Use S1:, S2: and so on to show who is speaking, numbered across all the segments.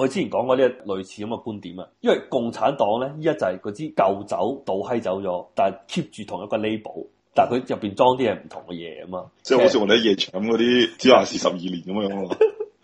S1: 我之前講過呢個類似咁嘅觀點啊，因為共產黨咧依家就係嗰支舊酒倒閪走咗，但係 keep 住同一個 label，但係佢入邊裝啲嘢唔同嘅嘢啊嘛，即係好似我哋喺夜場嗰啲芝華士十二年咁樣咯。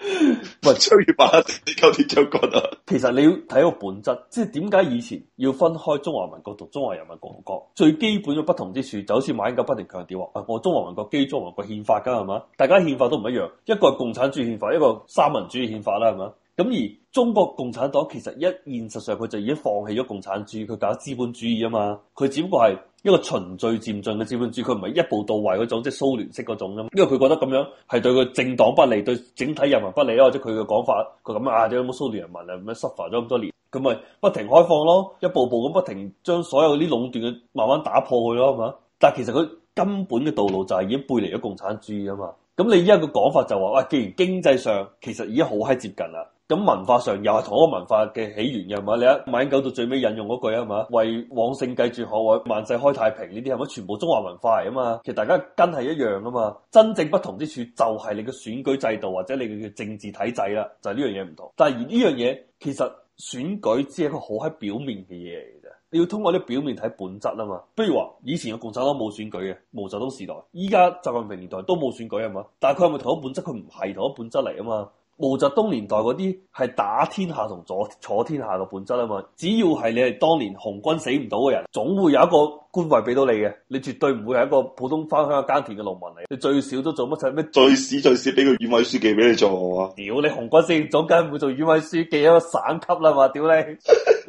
S1: 唔係張月把啲舊啲，樽割啊！其實你要睇個本質，即係點解以前要分開中華民國同中華人民共和國？最基本嘅不同之處就好似馬英九不停強調話：啊，我中華民國基於中華民國憲法㗎，係嘛？大家憲法都唔一樣，一個係共產主義憲法，一個係三民主義憲法啦，係嘛？咁而中國共產黨其實一現實上佢就已經放棄咗共產主義，佢搞資本主義啊嘛。佢只不過係一個循序漸進嘅資本主義，佢唔係一步到位嗰種即係蘇聯式嗰種咯。因為佢覺得咁樣係對佢政黨不利，對整體人民不利咯。或者佢嘅講法佢咁啊，即係有冇蘇聯人民啊咁樣 suffer 咗咁多年，咁咪不停開放咯，一步步咁不停將所有啲壟斷嘅慢慢打破佢咯，係嘛？但係其實佢根本嘅道路就係已經背離咗共產主義啊嘛。咁你依家個講法就話喂，啊，既然經濟上其實已經好喺接近啦。咁文化上又係同一個文化嘅起源又係嘛？你一馬英九到最尾引用嗰句啊嘛，為往聖繼絕學，為萬世開太平呢啲係咪全部中華文化嚟啊嘛？其實大家根係一樣噶嘛，真正不同之處就係你嘅選舉制度或者你嘅政治體制啦，就係呢樣嘢唔同。但係而呢樣嘢其實選舉只係一個好喺表面嘅嘢嚟嘅啫。你要通過啲表面睇本質啊嘛。不如話以前嘅共產黨冇選舉嘅，毛澤東時代，依家習近平年代都冇選舉啊嘛。但係佢係咪同一本質？佢唔係同一本質嚟啊嘛。毛澤東年代嗰啲係打天下同坐坐天下嘅本質啊嘛，只要係你係當年紅軍死唔到嘅人，總會有一個官位俾到你嘅，你絕對唔會係一個普通翻鄉下耕田嘅農民嚟，你最少都做乜柒咩？最屎
S2: 最屎，俾個縣委書記俾你做我啊！
S1: 屌你紅軍先，總梗唔會做縣委書記一個省級啦嘛，屌你，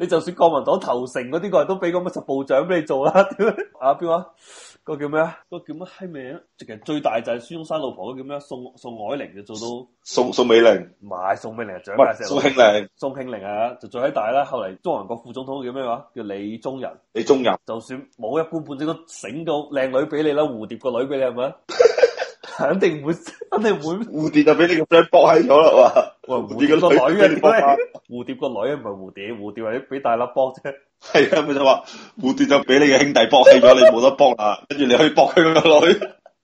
S1: 你就算國民黨投誠嗰啲人都俾個乜柒部長俾你做啦，屌你，屌你啊邊個？嗰個叫咩啊？嗰個叫乜閪名？其實最大就係孫中山老婆叫咩？宋宋美齡就做到。
S2: 宋宋美齡，
S1: 唔係宋美齡，啊，長大宋慶齡，宋慶齡啊，就最偉大啦！後嚟中華國副總統叫咩話？叫李宗仁。李宗仁就算冇一官半職都醒到靚女俾你啦，蝴蝶個女俾你係咪？是
S2: 肯定會，肯定會。蝴蝶就俾你個 friend 搏喺咗啦嘛，喂說
S1: 蝴蝶個女啊，蝴蝶個女唔係蝴蝶，蝴蝶或者俾大粒搏啫。係啊，咪就話蝴蝶就俾你個兄弟搏喺咗，你冇得搏啦。跟住你可以搏佢個女，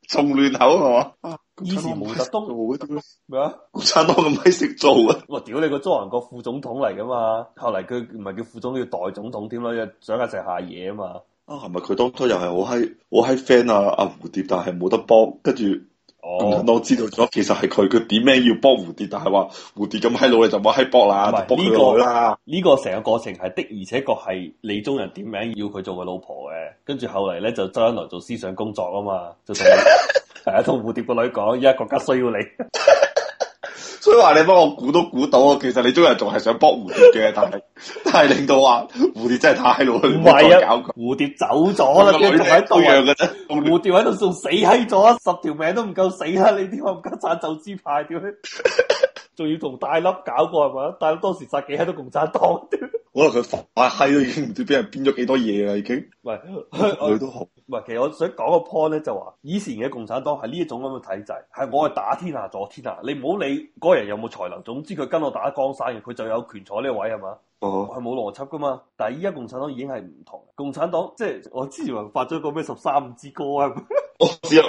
S2: 仲亂口係嘛？
S1: 以前毛澤東冇得當，咩啊？
S2: 共產黨咁閪識做
S1: 啊！我屌你個中國個副總統嚟噶嘛？後嚟佢唔係叫副總統，要代總統添啦，又上一成下野啊嘛。
S2: 啊，係咪佢當初又係我喺我喺 friend 啊啊蝴蝶，但係冇得搏，跟住。哦，我知道咗，其實係佢，佢點名要幫蝴蝶，但係話蝴蝶咁閪老，你就冇好閪博啦，呢個啦。
S1: 呢個成個過程係的，的，的，而且確係李宗仁點名要佢做佢老婆嘅。跟住後嚟咧，就周恩來做思想工作啊嘛，就同係啊，同蝴蝶個女講，而家國家需要你。 所以話你幫我估都
S2: 估到啊，其實你中國人仲係想剝蝴蝶嘅，但係但係令到話蝴蝶真係太老去唔啊，搞
S1: 佢。蝴蝶走咗啦，啊，佢仲喺度。嘅在！蝴蝶喺度仲死喺咗，十條命都唔夠死啦，啊！你點解唔產黨走支派點咧？仲要同大粒搞過係咪？大粒當時殺幾喺度共產黨？
S2: 可能佢佛阿閪都已經唔知俾人編咗幾多嘢啦，已經。
S1: 喂，係佢都好，唔係，其實我想講個 point 咧，就話、是、以前嘅共產黨係呢一種咁嘅體制，係我係打天下坐天下，你唔好理嗰個人有冇才能，總之佢跟我打江山嘅，佢就有權坐呢位係嘛。哦。係冇邏輯噶嘛。但係依家共產黨已經係唔同。共產黨即係我之前話發咗個咩十三五之歌啊。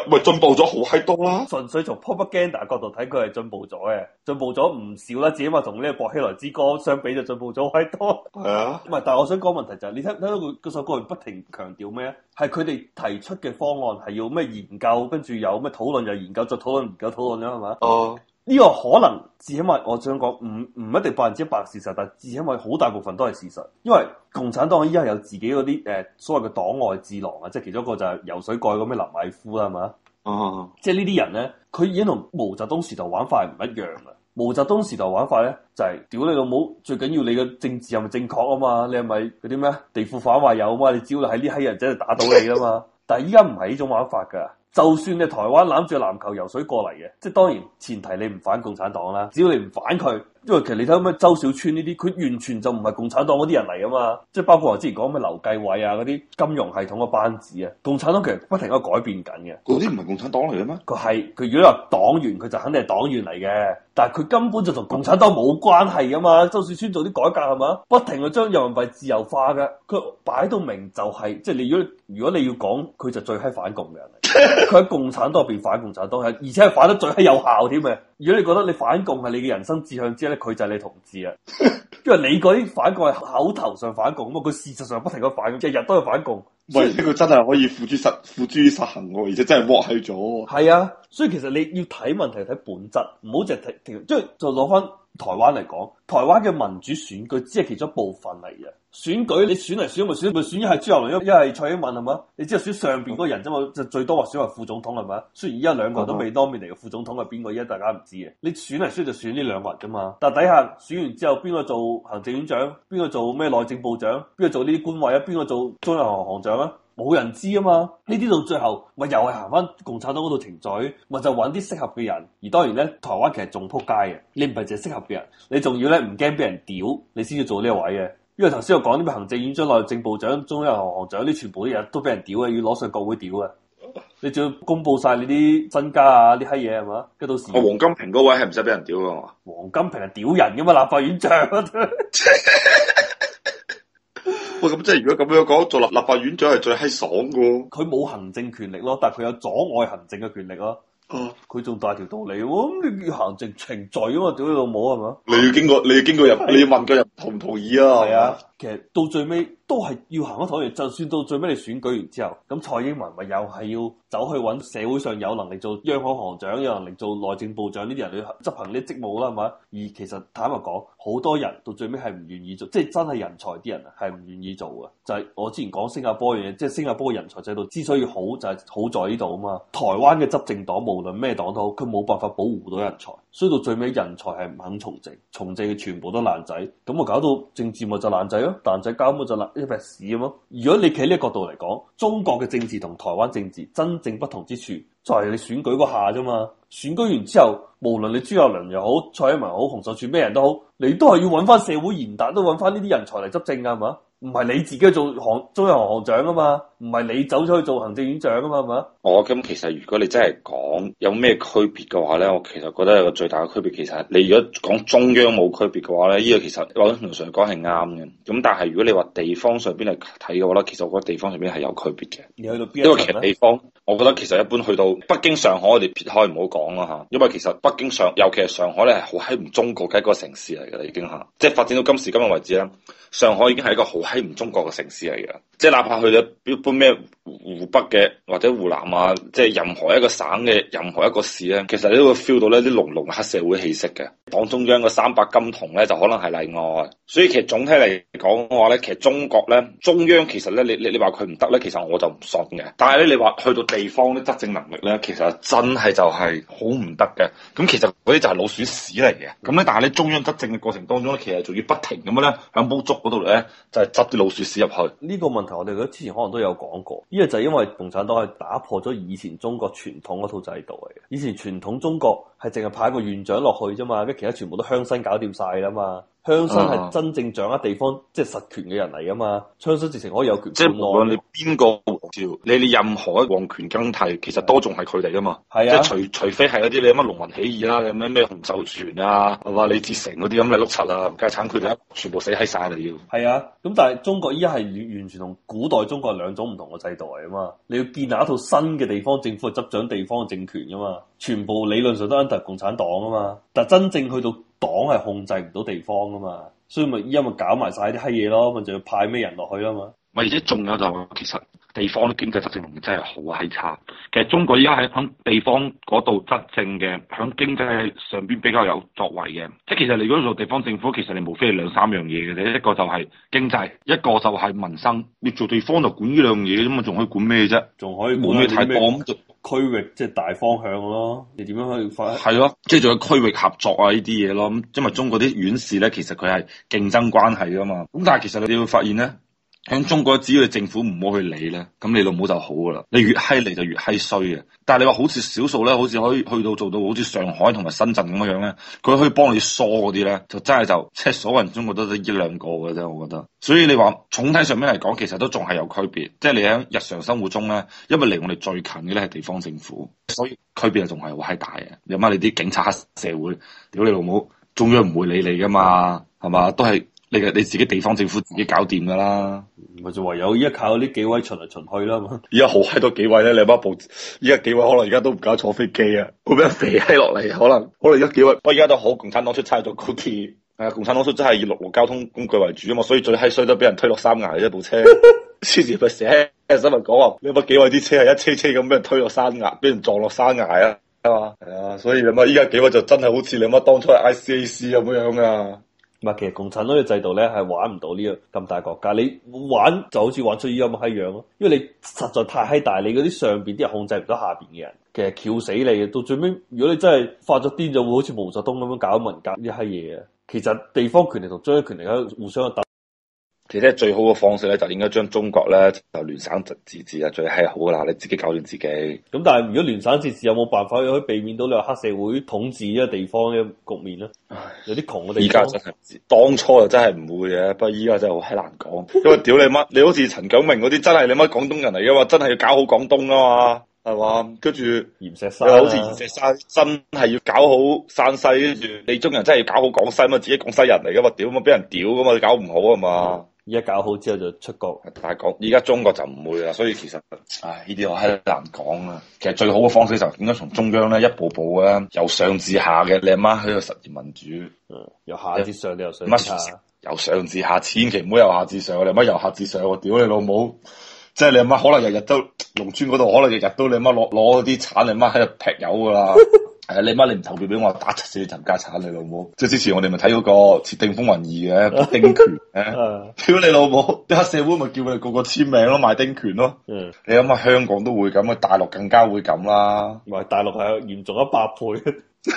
S1: 咪進步咗好閪多啦！純粹從 propaganda 角度睇，佢係進步咗嘅，進步咗唔少啦。只起碼同呢個薄熙來之歌相比，就進步咗好多。係啊，唔係，但係我想講問題就係、是，你聽唔聽到佢首歌係不停強調咩？係佢哋提出嘅方案係要咩研究，跟住有咩討論就研究，就討論研究討論咗係嘛？哦。呢個可能至因為我想講，唔唔一定百分之一百事實，但係只因為好大部分都係事實。因為共產黨依家有自己嗰啲誒，所謂嘅黨外智囊啊，即係其中一個就係游水蓋嗰嘅林毅夫啦，係嘛？哦哦，即係呢啲人咧，佢已經同毛澤東時代玩法係唔一樣噶毛澤東時代玩法咧，就係，是，屌你老母，最緊要你嘅政治係咪正確啊嘛？你係咪嗰啲咩地富反壞右啊嘛？你只要喺呢批人仔度打倒你啊嘛？但係依家唔係呢種玩法噶就算你台灣攬住籃球游水過嚟嘅，即當然前提你唔反共產黨啦，只要你唔反佢。因為其實你睇咩周小川呢啲，佢完全就唔係共產黨嗰啲人嚟啊嘛！即係包括我之前講咩劉繼偉啊嗰啲金融系統嘅班子啊，共產黨其實不停喺改變緊嘅。嗰啲唔係共產黨嚟嘅咩？佢係佢如果話黨員，佢就肯定係黨員嚟嘅。但係佢根本就同共產黨冇關係啊嘛！周小川做啲改革係嘛？不停去將人民幣自由化嘅，佢擺到明就係，即係你如果如果你要講，佢就最閪反共嘅人。佢喺共產黨入面反共產黨，而且係反得最閪有效添嘅。如果你覺得你反共係你嘅人生志向之一咧，佢就係你同志啊， 因為你嗰啲反共係口頭上反共，咁啊佢事實上不停咁反共，即係日都係反共。反共喂，呢個真係可以付諸實，付諸實行喎，而且真係剝起咗。係啊，所以其實你要睇問題睇本質，唔好淨係睇條，即係就攞翻。台灣嚟講，台灣嘅民主選舉只係其中一部分嚟嘅。選舉你選嚟選咪選咪選，一係朱立倫，一係蔡英文係嘛？你只係選上邊嗰人啫嘛，就最多話選為副總統係嘛？雖然而家兩個人都未當面嚟嘅副總統係邊個，而家大家唔知嘅。你選嚟選就選呢兩個人㗎嘛？但底下選完之後，邊個做行政院長？邊個做咩內政部長？邊個做呢啲官位啊？邊個做中央銀行行長啊？冇人知啊嘛，呢啲到最後，咪又係行翻共產黨嗰度程序，咪就揾啲適合嘅人。而當然咧，台灣其實仲撲街嘅，你唔係淨係適合嘅人，你仲要咧唔驚俾人屌，你先至做呢個位嘅。因為頭先我講啲行政院長、內政部長、中央銀行行長呢全部啲嘢都俾人屌啊，要攞上國會屌啊。你仲要公佈晒你啲身家啊，呢閪嘢係嘛？跟到時。哦，黃金平嗰位係唔使俾人屌啊嘛？黃金平係屌人嘅嘛，立法院長 喂，咁即係如果咁樣講，做立立法院長係最閪爽噶佢冇行政權力咯，但係佢有阻礙行政嘅權力咯啊。啊，佢仲大條道理咁，你要行政程序啊嘛，屌你老母係咪啊？你要經過，你要經過人，的你要問個人同唔同意啊？係啊，其實到最尾，都係要行一趟，就算到最尾你選舉完之後，咁蔡英文咪又係要走去揾社會上有能力做央行行長、有能力做內政部長呢啲人去執行呢啲職務啦，係嘛？而其實坦白講，好多人到最尾係唔願意做，即係真係人才啲人係唔願意做嘅。就係我之前講新加坡嘅嘢，即係新加坡嘅人才制度之所以好，就係好在呢度啊嘛。台灣嘅執政黨無論咩黨都好，佢冇辦法保護到人才，所以到最尾人才係唔肯從政，從政嘅全部都爛仔，咁啊搞到政治咪就爛仔咯，爛仔交冇就爛。一撇屎啊！嘛，如果你企呢個角度嚟講，中國嘅政治同台灣政治真正不同之處，在、就係、你選舉嗰下啫嘛。選舉完之後，無論你朱立倫又好，蔡英文好，洪秀柱咩人都好，你都係要揾翻社會賢達，都揾翻呢啲人才嚟執政㗎嘛。唔係你自己做行中央行長啊嘛。唔係你走出去做行政院長啊嘛，係咪？
S2: 我咁其實，如果你真係講有咩區別嘅話咧，我其實覺得有個最大嘅區別，其實你如果講中央冇區別嘅話咧，呢、呢個其實話同上講係啱嘅。咁但係如果你話地方上邊嚟睇嘅話咧，其實我覺得地方上邊係有區別嘅。你去
S1: 到邊個？因為其實地
S2: 方，我覺得其實一般去到北京、上海，我哋撇開唔好講啦嚇。因為其實北京上，尤其係上海咧，係好閪唔中國嘅一個城市嚟嘅已經嚇。即係發展到今時今日為止咧，上海已經係一個好閪唔中國嘅城市嚟嘅。即係哪怕去到咩湖北嘅或者湖南啊，即係任何一個省嘅任何一個市咧，其實你都會 feel 到呢啲濃濃黑社會氣息嘅。黨中央個三百金童咧就可能係例外，所以其實總體嚟講嘅話咧，其實中國咧中央其實咧你你你話佢唔得咧，其實我就唔信嘅。但係咧你話去到地方啲執政能力咧，其實真係就係好唔得嘅。咁其實嗰啲就係老鼠屎嚟嘅。咁咧但係咧中央執政
S1: 嘅過程當中咧，其實仲要不停咁樣咧響煲粥嗰度咧就係執啲老鼠屎入去。呢個問題我哋覺得之前可能都有。講過，呢個就因為共產黨係打破咗以前中國傳統嗰套制度嚟嘅。以前傳統中國係淨係派一個縣長落去啫嘛，跟住其他全部都鄉紳搞掂晒啦嘛。鄉紳係真正掌握地方即係實權嘅人嚟噶嘛，鄉紳直情可以有權即有。即係如果你邊個？你你任何一皇權更替，其實都仲係佢哋噶嘛，啊、即係除
S2: 除非係嗰啲你乜農民起義啦，你乜乜洪秀全啊，話李自成嗰啲咁嘅碌柒啦，咁啊，殘缺嘅全部死喺晒啦要。
S1: 係啊，咁、嗯、但係中國依家，係完完全同古代中國兩種唔同嘅制度嚟啊嘛，你要建立一套新嘅地方政府去執掌地方嘅政權噶嘛，全部理論上都 under 共產黨啊嘛，但係真正去到黨係控制唔到地方啊嘛，所以咪依家咪搞埋晒啲閪嘢咯，咪就要派咩人落去啊嘛，咪而
S2: 且仲有就是、其實。地方啲經濟執政能力真係好閪差，其實中國依家喺響地方嗰度執政嘅，響經濟上邊比較有作為嘅。即係其實你如果做地方政府，其實你無非係兩三樣嘢嘅啫，一個就係經濟，一個就係民生。你做地方就管呢兩樣嘢啫嘛，仲可以管咩啫？仲可以管咩太多
S1: 區域即係、就是、大方向咯， 你點樣可以發？係咯、
S2: 啊，即係仲有區域合作啊呢啲嘢咯。咁因為中國啲縣市咧，其實佢係競爭關係噶嘛。咁但係其實你會發現咧。喺中國，只要你政府唔好去理咧，咁你老母就好噶啦。你越犀嚟就越犀衰嘅。但係你話好似少數咧，好似可以去到做到好似上海同埋深圳咁樣樣咧，佢可以幫你疏嗰啲咧，就真係就即係所有人中國都得一兩個嘅啫。我覺得，所以你話總體上面嚟講，其實都仲係有區別。即係你喺日常生活中咧，因為離我哋最近嘅咧係地方政府，所以區別仲係好係大嘅。有乜你啲警察黑社會，屌你老母，仲要唔會理你噶嘛，係嘛，都係。你嘅你自己地方政府自己搞掂噶啦，我就唯
S1: 有依靠呢幾位巡嚟巡去啦嘛。而家
S2: 好嗨多幾位咧，你有乜部？
S1: 而家幾位可能而家都唔敢
S2: 坐飛機啊，會俾人肥閪落嚟。可能可能而家幾位，不過而家都好共產黨出差咗高鐵，係共產黨出真係以陸路交通工具為主啊嘛，所以最閪衰都俾人推落山崖一部車，之前咪寫新聞講話，你有乜幾位啲車係一車車咁俾人推落山崖，俾人撞落山
S1: 崖啊，係嘛？係啊，所以你乜而家幾位就真係好似你乜當初係 I C A C 咁樣樣啊。其實共產黨嘅制度咧係玩唔到呢個咁大國家，你玩就好似玩出依咁閪樣咯，因為你實在太閪大，你嗰啲上邊啲人控制唔到下邊嘅人，其實撬死你嘅。到最尾，如果你真係發咗癲，就會好似毛澤東咁樣搞文革呢閪嘢啊。其實地方權力同中央權力喺度互相鬥。
S2: 其實最好嘅方式咧，就應該將中國咧就聯省自治啊，最係好噶啦，你自己搞掂自己。
S1: 咁但係如果聯省自治有冇辦法可以避免到你話黑社會統治呢個地方嘅局面咧？有啲窮嘅地方。而家真係，當初就真係唔會嘅，不過而家真係好難講。
S2: 因為屌你乜， 你好似陳炯明嗰啲真係你乜廣東人嚟噶嘛，真係要搞好廣東啊嘛，係嘛？跟住，閻錫山啊，你好似閻錫山真係要搞好山西，跟住、嗯，李宗仁真係要搞好廣西嘛，自己廣西人嚟噶嘛，屌嘛，俾人屌噶嘛，你搞唔好啊嘛。
S1: 而家搞好之後就出局，大
S2: 國。而家中國就唔會啦，所以其實唉呢啲我喺度難講啦。其實最好嘅方式就點解從中央咧一步步啦，由上至下嘅。你阿媽喺度實現民主，由、嗯、下至上都媽有衰啦。由上至下，千祈唔好由下至上。你阿媽由下至上，我屌你老母，即、就、係、是、你阿媽可能日日都農村嗰度，可能日日都你阿媽攞攞啲鏟，你阿媽喺度劈油噶啦。 誒，你媽你唔投票俾我，打死你陳家產你老母！即係之前我哋咪睇嗰個《竊聽風雲二》嘅丁權，誒，屌你老母，啲黑社會咪叫佢哋個個簽名咯，賣丁權咯。嗯，你諗下香港都會咁，大陸更加會咁啦。喂，大陸係嚴重一百倍。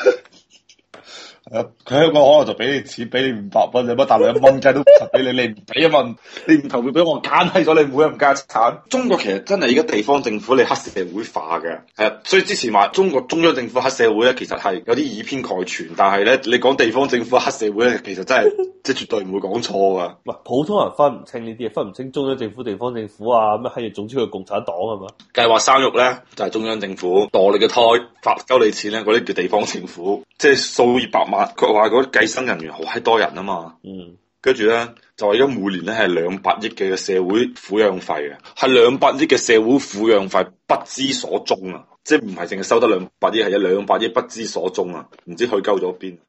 S2: 佢香港可能就俾你錢，俾你五百蚊，你乜投一蚊雞都俾你，你唔俾一蚊，你唔投票俾我，奸閪咗你每一蚊家產。中國其實真係而家地方政府你黑社會化嘅，係啊，所以之前話中國中央政府黑社會咧，其實係有啲以偏概全，但係咧你講地方政府黑社會咧，其實真係即係絕對唔會講錯噶。
S1: 喂，普通人分唔清呢啲，分唔清中央政府、地方政府啊，乜閪嘢總之係共產黨係嘛？
S2: 計劃生育咧就係、是、中央政府墮你嘅胎，發鳩你錢咧嗰啲叫地方政府，即係數以百萬。佢話嗰啲計生人員好閪多人啊嘛，跟住咧就而家每年咧係兩百億嘅社會撫養費嘅，係兩百億嘅社會撫養費不知所蹤啊！即係唔係淨係收得兩百億，係有兩百億不知所蹤啊，唔知去鳩咗邊。